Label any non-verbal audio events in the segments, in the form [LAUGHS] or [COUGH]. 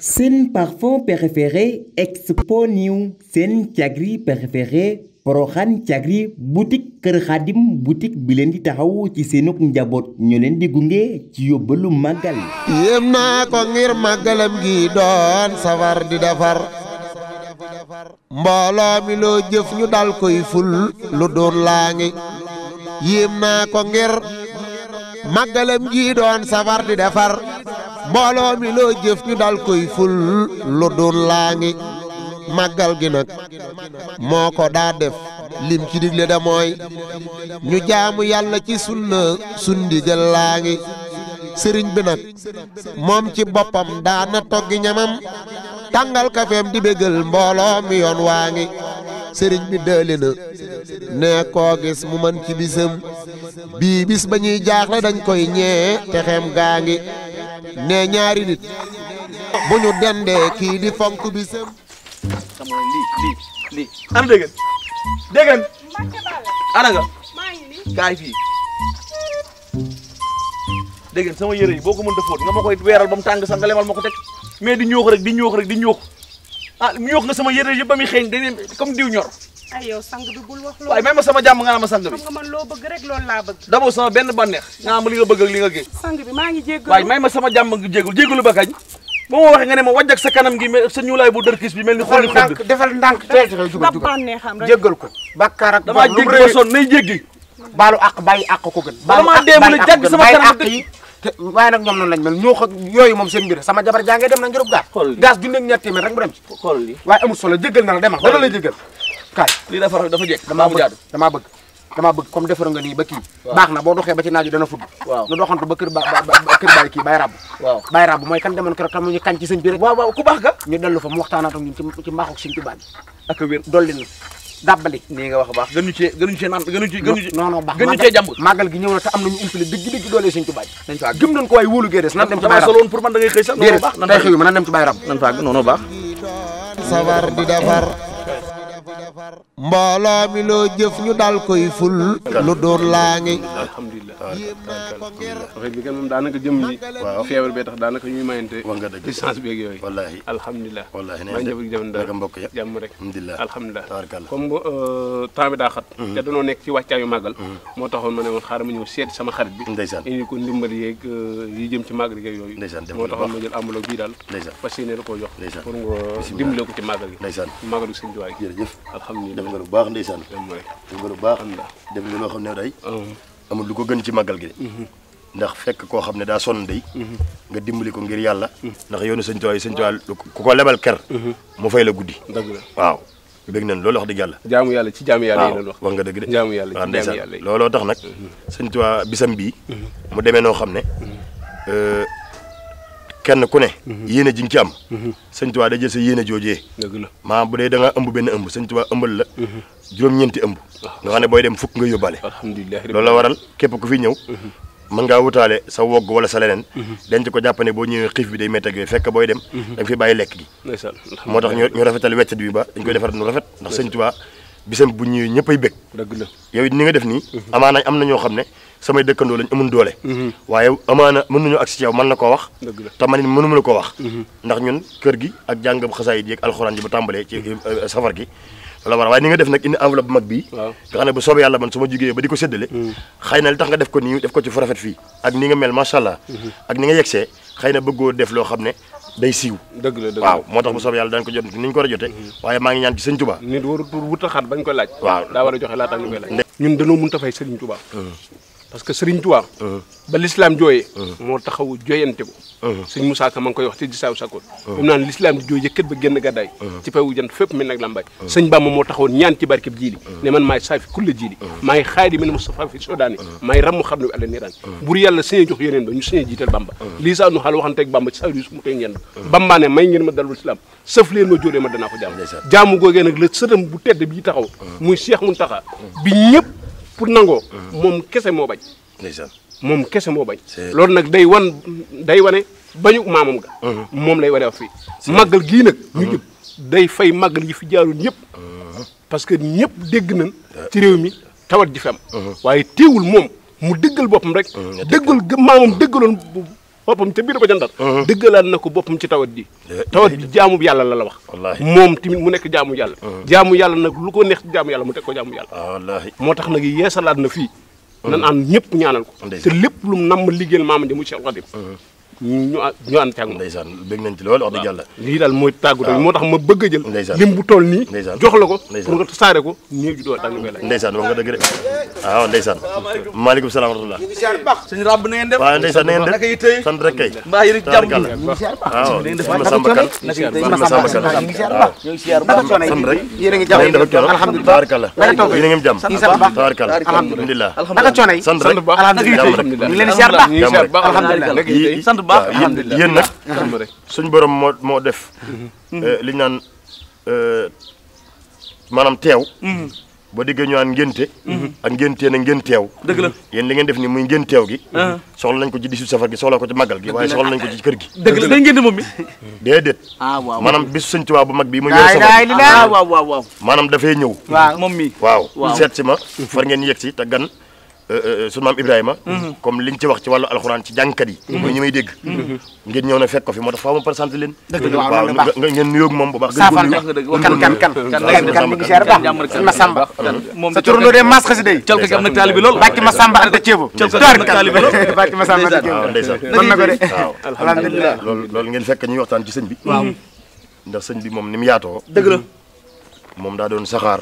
seen parfum préféré expo new seen cagri préféré poroxaan cagri boutique kër xaadim boutique bi leen di taxaw ci seenug njaboot ñu leen di gunge ci yóbbalu màggal yéem naa ko ngir màggalam gi doon safar di defar mbooloo mi loo jëf ñu dal koy ful lu doon laa ngi yéem naa ko ngir màggalam gi doon safar di defar mbooloo mi loo jëf ñu dal koy ful lu dul laa ngi màggal gi nag moo ko daa def lim ci digle da mooy ñu jaamu yàlla ci sunna sundigal laa ngi sëriñ bi nag moom ci boppam daana toggi ñamam tàngal kafeem di bégal mbooloo mi yoon waa ngi sériñ bi dëli na ne koo gis mu man ci bisam bii bis ba ñuy jaaxle dañ koy ñee te gaa ngi ne ñaari nit bu ñu dendee kii di fonk bisam xam nga lii lii lii ana déggan déggan ana nga kaay fii déggan sama yëre yi boo ko mën a fóot nga ma koy weeral ba mu tàng sax nga ko teg mais di ñoox rek di ñoox rek di ñoox ah mu yokk nga sama yére yëpp ba muy xeeñ dañuy comme diw ñor. waaye may ma sama jàmm nga naa ma sang bi. xam nga sama benn bànneex nga am li nga bëgg ak li nga bi maa ngi jéggalu waaye may ma sama jàmm nga jéggalu jéggalu ba kañ. ba ma nga ne ma wàjj sa kanam gi sa ñuulaay bu dër kiis bi mel ni xooli xooli. defal ndànk teel a jéggal ko. bàkkaar ak damaa jéggi ba sonn nay jéggi. baalu àq bàyyi àq ko gën. baalu àq bàyyi àq ko gën te waaye nag ñoom noonu lañ mel ñoo ko yooyu moom seen sama jabar jaa dem na njërub gaas gaas du nekk ñaar rek mu dem waaye amul solo jéggal na la demal dana la jéggal kaay bëgg damaa bëgg damaa bëgg nga nii ba kii baax na boo doxee ba ci naaju dana fudd nu doxantu ba kër baay kii bay rabbu bay rabbu mooy kan demoon keroog tam ñu kañ ci sëñ ku baax ga ñu dellu fa mu waxtaanaat ak ñun ci mbaaxu sëñ Tuubaa dolli na dàbbali nii nga wax baax gënuñu cee gënuñu baax gënuñu cee jàmb gi ñëw na te am nañu umpale dëgg dëgg doole sëñ Tuubaa nañ fa gëm nañ ko waaye wóolu gee nan dem ci bàyyi soloon pour man da xëy sax ma nan dem ci bàyyi ram nan fa non non baax mbooloo mi loo jëf ñu dal koy ful lu doon laa ngi alhamdulilah affaire bi kan moom daanaka jëm ñi waaw feebar bee tax daanaka ñuy mayante wax nga dëgg yooyu wallaahi maa ngi jëf jëm dara mbokk ya jàmm rek alhamdulilah alhamdulilah tabarkalla comme euh, temps bi daa xat mm-hmm. te danoo nekk ci wàccaayu màggal mm-hmm. moo taxoon ma ne woon xaaral ma ñëw seeti sama xarit bi alhamdulilah def nga lu baax ndeysaan def nga lu baax def nga loo xam ne day amul lu ko gën ci màggal gi de mhm. ndax fekk koo xam ne daa sonn mhm. nga dimbali ko ngir yàlla mhm. ndax yoonu sëñ Tuubaa yi sëñ Tuubaa ku ko lebal ker mu fay la guddi waaw bég nañ loolu wax dëgg yàlla jaamu yàlla ci jaamu yàlla yi wax wax nga dëgg de jaamu yàlla waaw ndeysaan looloo tax nag sëñ Tuubaa bisam bii mu demee noo xam ne euh, kenn ku ne mhm. yéene ji nga ci am mhm. sëñ Tuubaa day jël sa yéene joojee dëgg la maanaam bu dee da ngaa ëmb benn ëmb sëñ Tuubaa ëmbal la mhm. juróom-ñeenti ëmb ah. nga xam ne booy dem fukk nga yóbbaale alhamdulilah loolu la waral képp ku fi ñëw mën ngaa wutaale sa wogg wala sa leneen denc ko jàpp ne boo ñëwee xiif bi day métti ak fekk booy dem da nga fi i lekk gi moo tax ñu rafetal weccet bi ba dañ koy defar nu rafet ndax sëñ Tuubaa bisam bu ñëwee ñëppay bëgg dëgg la yow ni nga def nii amaana am na ñoo xam ne samay dëkkandoo lañ amul doole. Mhm. waaye amaana mën nañu agsi ci yow mën na ko wax. te man it mënuma la ko wax. Mhm. ndax ñun kër gi ak jàngam xasaayid yi ak alxuraan ji bu tàmbalee ci euh, safar gi. la war a ni nga def nag indi bu mag bii nga xam ne bu soobee ma jugee ba di ko séddale mhm. na li tax def ko nii def ko ci rafet fii ak ni nga mel macha allah. ak ni nga yegsee xëy na bëggoo def loo xam ne day siiw dëgg la dëgg waaw moo tax bu soobee yàlla dañ ko jot ni ñu ko war a jote waaye maa ngi ñaan ci sëñ Touba nit warut wutaxaat bañ ko laaj waaw daa war a joxe laata ñu koy laaj ñun dañoo mënta fay sëriñ Touba hmm. parce que Serigne Touba. Uh-huh. ba l'islam jooyee. Uh-huh. moo taxaw jooyante ko. Uh-huh. sëñ Moussa Ka ma ngi koy wax ci Dissaaw Sakkoor. moom naan l'islam di jooy ba génn gàddaay. ci pewu jant fépp mel nag lambaay. sëñ Bamba moo taxaw ñaan ci barkeb jiili. ne man maay saafi kulle jiili. maay xaadi min Mustafa fi sodaani. maay ramu xam ne ala niraan. bur yàlla sañee jox yeneen ba ñu sañee jiital Bamba. lii saa xaal waxanteeg Bamba ci saa yu mu koy ñenn. Bamba ne pour nangoo. moom kese moo bañ. ndeysaan moom kese moo bañ. loolu nag day wan day wane bañu maamam ga. moom lay wane wax fii. màggal gii nag. ñu jub day fay màggal yi fi jaarul ñëpp. parce que ñëpp dégg nañ. ci réew mi tawat ji fi waaye teewul moom mu dëggal boppam rek. dëggal maamam dëggaloon boppam te biir ba jandar uh-huh. dëggalaat na ko boppam ci tawat ji eh, eh, tawat ji eh. jaamu yàlla la la wax moom tamit mu nekk jaamu yàlla uh-huh. jaamu yàlla nag lu ko neex ci jaamu yàlla mu teg ko jaamu yàlla ah, moo tax nag yeesalaat na fii uh-huh. nan ànd ñëpp ñaanal ko te lépp lu mu namm liggéeyal maama ji mu Cheikh Khadim ñu ñu ànd tàggu. ndeysaan bëgg nañ ci lool wax dëgg lii daal mooy tàggu moo tax ma bëgg a jël. ndeysaan lim bu toll nii. jox la ko pour nga saare ko néew ji doo tax ñu koy laaj. ndeysaan wax nga dëgg de waaw ndeysaan. maaleykum salaam wa rahmatulah. suñu rab na ngeen def. waaw ndeysaan na ngeen def naka rek kay. a ngi jàmm alhamdulilah yéen a ngi jàmm tabaarkalla alhamdulilah baax alhamdulilah yéen nag suñ borom moo moo def mm-hmm. eh, li naan eh, maanaam teew mm-hmm. boo déggee ñu naan ngénte mm-hmm. ak ngéntee na ngeen teew dëgg la yéen li ngeen def ni muy ngeen teew gi uh-huh. soxla nañ ko ci 18 safar gi soxla ko ci màggal gi waaye soxla nañ ko ci kër gi dëgg la day ngénte moom mi déedéet ah, maanaam bisu sëñ waa bu mag bi muy weeru safar ah, waaw waaw waaw maanaam dafay ñëw waaw moom mi waaw seet si ma far ngeen yegg si te gan Euh, euh, euh, sunu maam Ibrahima. Mhm. comme liñ ci wax ci wàllu alxuraan ci jàngkat yi. mooy mhm. ñi may dégg. Mhm. ngeen ñëw na fekk fi moo tax faaw ma présenté leen. dëgg la waaw nga ngeen nuyoog moom bu baax. saafara kan kan kan kan kan mi ngi ma samba. moom sa turandoo de maas xasida yi. calka gi am na taalibi lool bàcc ma samba ata ceebo. calka gi am na taalibi lool ma samba ata ceebo. ndeysaan mën na ko de waaw alhamdulilah. loolu loolu ngeen fekk ñuy waxtaan ci sëñ bi. waaw ndax sëñ bi moom ni mu yaatoo. dëgg daa doon saxaar.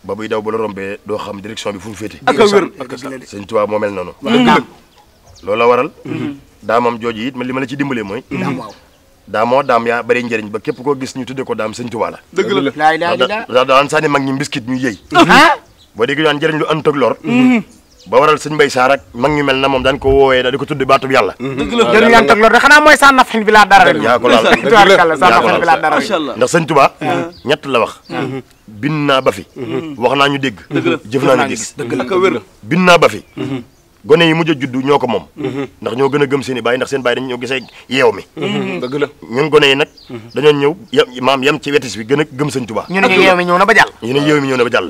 ba buy daw ba la rombee doo xam direction bi fu mu féete. ak a wér ak a moo mel noonu. loolu la waral. Mhm. daamam jooju it ma li ma la ci dimbalee mooy. Mhm. daamoo daam yaa bëri njëriñ ba képp koo gis ñu tuddee ko daam sëñ Tuubaa la. dëgg la laay laay la ndax daan sànni mag ñi mbiskit mhm. ñu yëy. boo déggee daan njëriñ lu ënt ak lor. ba waral sëñ Mbaye Sarr ak mag ñu mel na moom daan ko woowee da di ko tuddi baatub yàlla jël yan tag loolu xanaa mooy sa nafin bi laa dara rek yaa ko laal tubaarkàlla sa nafin bi laa dara rek ndax sëñ Tuubaa mm-hmm. ñett la wax mm-hmm. bin naa ba fi mm-hmm. wax naa ñu dégg jëf naa ñu gis bin naa ba fi gone yi mujj a juddu ñoo ko moom ndax ñoo gën a gëm seen i baay ndax seen baay dañ ñoo gisee yeew mi dëgg la ñun gone yi nag dañoo ñëw maam yam ci wetis bi gën a gëm sëñ Tuubaa ñu ne yeew mi ñëw na ba jàll ñu ne yeew mi ñëw na ba jàll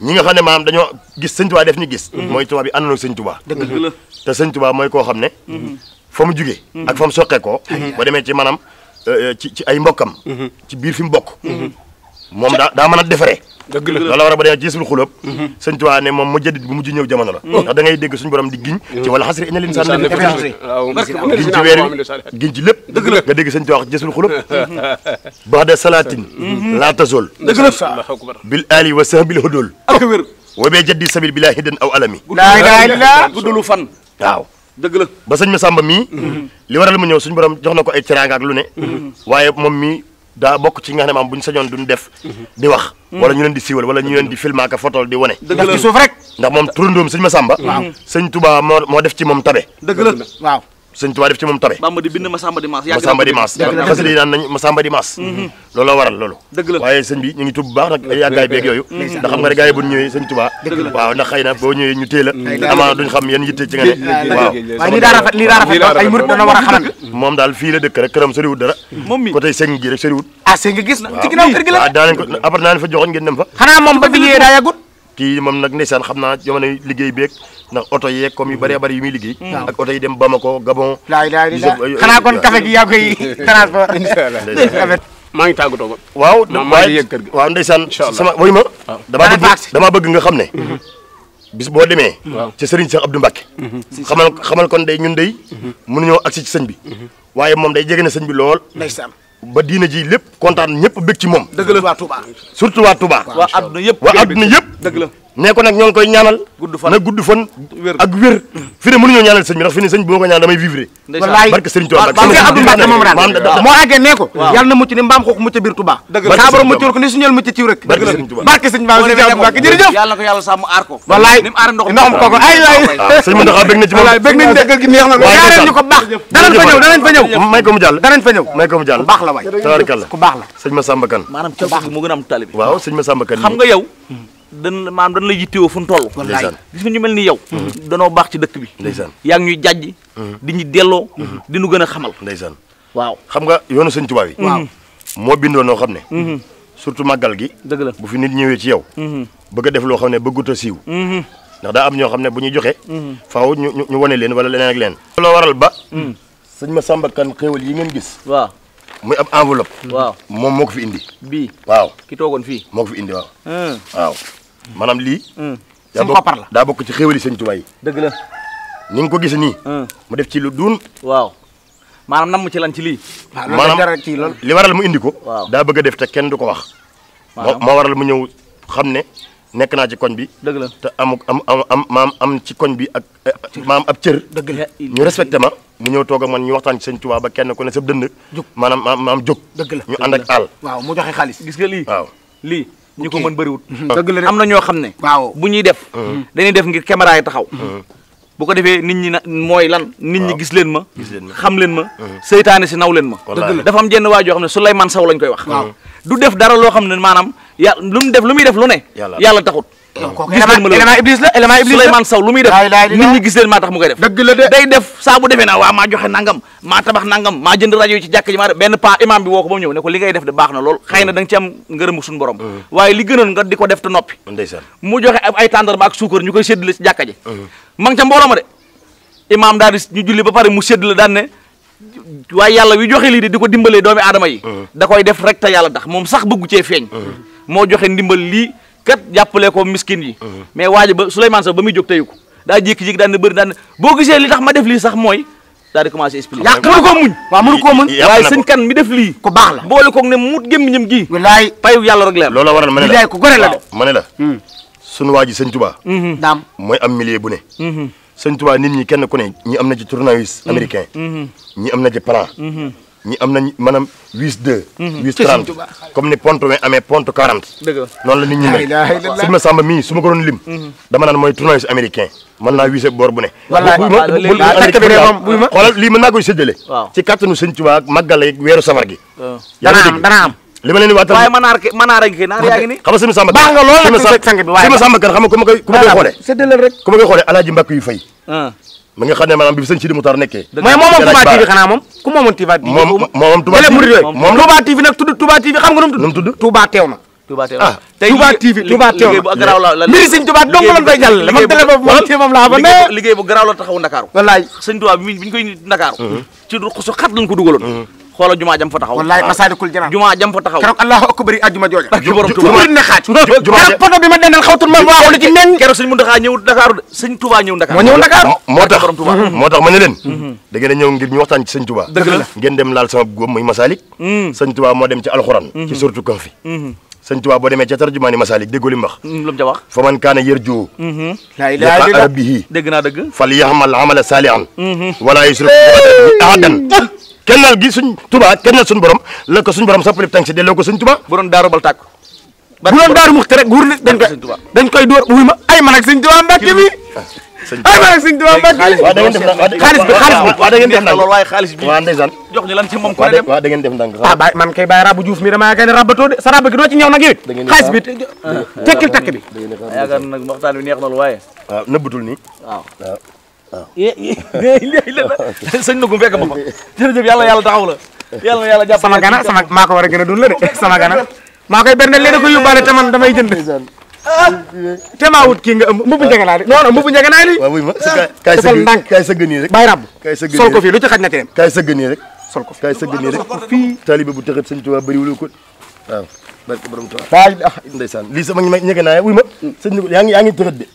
ñi nga xam ne maanaam dañoo gis sëñ Tuubaa def ñu gis. Mhm. mooy tubaab yi àndoon ak sëñ Tuubaa. dëgg la te sëñ mooy koo xam ne. Mhm. fa mu jugee. Mhm. ak fa mu soqeekoo. ba demee ci maanaam euh, ci ci ay mbokkam. ci biir fi mu bokk. moom daa daa mën a defaree. dëgg la war a ba dee gisul xulóob. Mhm. sëñ Tuubaa ne moom mujjadit bu mujj ñëw jamono la. Mhm. ndax da ngay dégg suñu borom di giñ. ci mhm. wala xasri inna linsaana lafii xusr giñ ci weer wi giñ ci lépp. dëgg la nga dégg sëñ Tuubaa wax gisul xulóob. ba'da salaatin laa tazool. dëgg la bil aali wa sahbil hudool. ak wér. wa bee jaddi sabil bilaa hidan aw alami. laa ilaaha illaa guddulu fan. ba sëñ Masamba mii. li waral mu ñëw suñu borom jox na ko ay teraanga ak lu ne. waaye moom mii daa bokk ci nga xam ne bu ñu sañoon du def di wax wala ñu leen di siiwal wala ñu leen di filmer ak fotol di wane ndax ci suuf rek ndax moom turandoom sëñ Massamba sëñ Touba moo moo def ci moom tabe dëgg la waaw sëñ Tuubaa def ci moom tabe Bamba di di Maas Masamba di di Maas mm-hmm. looloo waral loolu waaye sëñ bi ñu tub baax nag yàggaay beeg yooyu mm-hmm. ndax xam nga ne gars yi bu waaw ndax na boo ñu téye la mm-hmm. amaana xam yan yitte ci nga waaw a moom daal fii dëkk rek këram dara moom mi côté sëñ gi rek soriwut ah, na ci ginnaaw kër gi ah, fa joxoñ ngeen fa xanaa moom ba bi ñëwee daa yàggut kii moom nag ndeysaan xam naa jamono liggéey beeg ndax oto yeeg comme yu bëree mhm. bëri yu muy liggéey mhm. ak oto yi dem Bamako Gabon laay laay xanaa kon café gi yaa koy [LAUGHS] transport [LAUGHS] maa ngi tàggatoo ko waaw maa ngi yëg kër gi waaw ndeysaan sama woy ma ah. damaa bëgg damaa bëgg nga xam ne mhm. bis boo demee ci sëriñ Cheikh Abdou Mbacké xamal xamal kon day ñun day mënuñoo agsi ci sëñ bi waaye moom day jege na sëñ bi lool ndeysaan ba diina ji lépp kontaan ñëpp bëgg ci moom. dëgg la waa Touba surtout waa Touba. waa adduna yëpp waa adduna yëpp dëgg la. nee ko nag ñoo ngi ñaanal. gudd na gudd fan. ak wér. fi ne mënuñoo ñaanal sëñ bi ndax fi ne sëñ bi ma ko ñaan damay vivre. barke Sëriñ Tuubaa Abdou moo àggee nee ko. na mucc ni mbaam xoox mucc biir Tuubaa. dëgg la saa ko ni suñu mucc ciw rek. barke Sëriñ barke Sëriñ Tuubaa Mbacke jërëjëf. yàlla ko yàlla sàmm gi neex na. ko baax danañ fa ñëw danañ fa ñëw. may ko mu jàll danañ fa ñëw. may ko mu jàll ku baax la. sëñ Massamba Kane. maanaam cofeel a am taalibe. xam nga yow dan maanaam dan la yittewoo fu ñu toll gis nga ñu mel ni yow mm-hmm. danoo baax ci dëkk bi yaa ngi ñuy jàjj mm-hmm. di ñu delloo mm-hmm. di ñu gën a xamal ndeysaan waaw xam nga yoonu sëñ tubaab yi moo bindoo noo xam ne surtout màggal gi dëgg la bu fi nit ñëwee ci yow bëgg a def loo xam ne bëggut a siiw ndax daa am ñoo xam ne bu ñuy joxe faaw ñu ñu wane leen wala leneen ak leen loo waral ba sëñ ma Samba Kane xéewal yi ngeen gis waaw muy ab enveloppe waaw moom moo ko fi indi bii waaw ki toogoon fii moo ko mm. maanaam lii. Mm. daa bokk daa bokk ci xéwali sëñ Tuubaa yi. dëgg la. ni nga ko gis nii. Mm. mu def ci lu duun. waaw maanaam nam mu ci lan ci lii. maanaam ci loolu li waral mu indi ko. waaw daa bëgg def te kenn du ko wax. waaw moo waral mu ñëw xam ne nekk naa ci koñ bi. dëgg la te am am am maam am ci koñ bi ak maam ab cër. dëgg ñu respecté ma. mu ñëw toog ak man ñu waxtaan ci sëñ Tuubaa ba kenn ku ne sab dënd. jóg maanaam maam jóg. dëgg la ñu ànd ak àll. waaw mu joxe xaalis gis nga waaw lii. ñu ko mën bëriwut [LAUGHS] am na ñoo xam ne waaw bu ñuy def uh-huh. dañuy def ngir caméra yi taxaw uh-huh. bu ko defee nit ñi na mooy lan nit ñi gis leen ma xam leen ma uh-huh. seytaane si naw leen ma dafa am jenn waajoo xam ne man saw lañ koy wax du def dara loo xam ne maanaam yàlla lu mu def lu muy def lu ne. yàlla taxut. kooku élément iblis la élément iblis la Souleymane def nit ñi gis leen maa tax mu koy def. dëgg la de day def saa bu defee waa maa joxe nangam maa tabax nangam maa jënd rajo ci jàkk ji maa benn pa imam bi woo ko ba ñëw ne ko li def de baax na lool xëy na mm. da nga ci am ngërëmu suñu borom mm. waaye li gënoon nga di def te noppi mu joxe ay tàndarma ak suukar ñu koy séddale ci jàkk ji mm. ca mbooloo ma waaye yàlla wi joxe lii de di ko dimbalee doomi aadama yi uh-huh. da koy def rek te yàlla tax moom sax bëggu cee feeñ uh-huh. moo joxe ndimbal lii kat jàppale ko miskin yi uh-huh. mais waaji ba Souleymane Sow ba muy jóg teyu daa jékki-jékki daan bëri daan boo gisee li tax ma def lii sax mooy daal di commencé muñ waaye sëñ kan mi def lii ku baax ne mut gémmiñam gi payu yàlla rek leer loolu ma ne la ko gore la de ma ne la hmm. sunu waa ji sëñ Tuubaa daam hmm. mooy am millier bu ne hmm. sëñ Tuubaa nit ñi kenn ku ne ñi am na ci tournevis mm-hmm. américain mm-hmm. ñi am na ci plan mm-hmm. ñi am nañ maanaam huit deux huit trente comme ni ponte wi amee ponte quarante noonu la nit ñi mel sëñ ma Samba mii su ma ko doon lim dama naan mooy tournevis américain mën naa wise boor bu ne xoolal lii mën naa koy séddale ci kàttanu sëñ Tuubaa màggal yeeg weeru gi yaa li ma leen di waatal waaye manaar ke manaar a ni xam nga sëñ Samba baax kan xam nga ku ma koy ku ma koy rek ku ma koy xoolee alaaji fay ah. mi nga ne maanaam bi sëñ Sidi Moutar nekkee mooy moom ku moomoon Touba TV moom moom Touba TV moom Touba TV nag tudd Touba TV xam nga nu mu tudd Touba teew na Touba teew na ah. Touba TV Touba moom télé laa ba ne liggéey bu garaaw la taxaw Ndakaaru wallaay sëñ Touba bi ñu koy Ndakaaru mm-hmm. ci ruq su xoola jumaa jam fa taxaw wallaay masaalikul jinaan jumaa jam fa taxaw keroog allahu akbar ajuma jooja bëri na xaaj poto bi ma denal xawtul ma waaxu li ci meñ keroog sëñ Muntaxa ñëw Dakar sëñ Touba ñëw Dakar moo ñëw Dakar moo tax mm-hmm. moo tax ma ne leen mm-hmm. da ngeen a ñëw ngir ñu waxtaan ci sëñ Touba dëgg la ngeen dem laal sama góob muy masalik mm. sëñ Touba moo dem ci alxuraan mm-hmm. ci surtout kan fi sëñ Touba boo demee ca tarjumaani masalik déggoo li mu wax lu mu ca wax fa man kaana yarjuu liqaa rabbihi dégg naa dëgg fal yaxmal amala saalihan wala yusrik bi ahadan kennal gi suñ Tuubaa kennal suñ borom la ko suñ borom sappali tànk si delloo ko suñ Tuubaa bu doon daaru bal tàkk bu doon daaru muxti rek wur dañ koy dañ koy door wuy ma ay man ak suñ Tuubaa Mbàkke bi ah, ay man ak suñ Tuubaa Mbàkke bi xaalis bi xaalis bi waaw da ngeen def ndànk loolu waaye xaalis bi waaw ndeysaan jox ñu lan ci moom ko dem waaw da ngeen def ndànk ah baay man kay baay rabu Juuf mi dama yaakaar ne rabatoo de sa rab gi doo ci ñëw nag yow xaalis bi tekkil takk bi ah, yaakaar nag waxtaan bi neex na lu waaye waaw nëbbatul nii waaw waaw léegi la sëñ Ndogo fekk ba fa jërëjëf yàlla yàlla taxaw la yàlla yàlla jàpp sama gana sama maa ko a gën a dun la de sama gana maa koy berne léegi ko yóbbaale te man damay jënd te maa wut kii nga ëmb mbubu njëganaay non non mbubu njëganaay li waaw ma kay sëgg ndànk kay sëgg nii rek bàyyi ràbb kay sëgg sol ko fii lu ci xaj na teem kay sëgg nii rek sol ko kay sëgg nii a fii taalibe bu tëxat sëñ Tuubaa a ko waaw barke borom Tuubaa ah ndeysaan lii sama njëganaay wuy ma sëñ yaa ngi yaa ngi de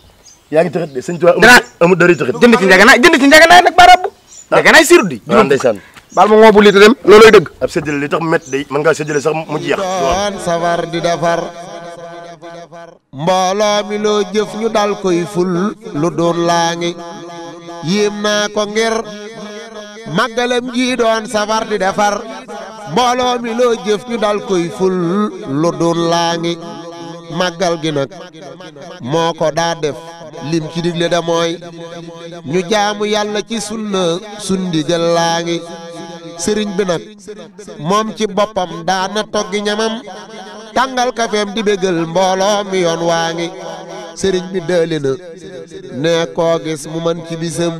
yaa ngi tëxit de sëñ Tuubaa amul dara tëxit jënd ci njaganaay jënd ci njaganaay nag baaraam bu ah. njaganaay siiru di waaw ah, ndeysaan baal ma ngoobu lii te dem looloy dëgg ab séddale li tax métti day mën ngaa séddale sax mu jeex waan safar di defar mbooloo mi loo jëf ñu dal koy ful lu doon laa ngi yéem naa ko ngir màggalam ji doon safar di defar mbooloo mi loo jëf ñu dal koy ful lu doon laa ngi màggal gi nag moo ko daa def lim ci digle da mooy ñu jaamu yàlla ci sunna sun jël laa ngi sëriñ bi nag moom ci boppam daana toggi ñamam tàngal kafeem di bégal mbooloo mi yoon waa ngi sëriñ bi dëli na nee koo gis mu mën ci bisam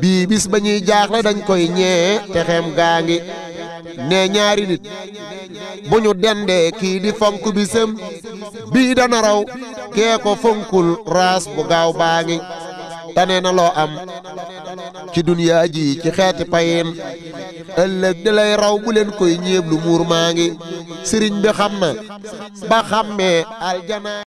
bii bis ba ñuy jaaxle dañ koy ñee te xem gaa ngi nee ñaari nit bu ñu dendee kii di fonk bisam bii dana raw kee ko fonkul raas bu gaaw baa ngi tane na loo am ci duniyaa ji ci xeeti payin ëllëg di lay raw bu leen koy ñéeblu muur maa ngi sëriñ bi xam na ba xàmmee aljanaa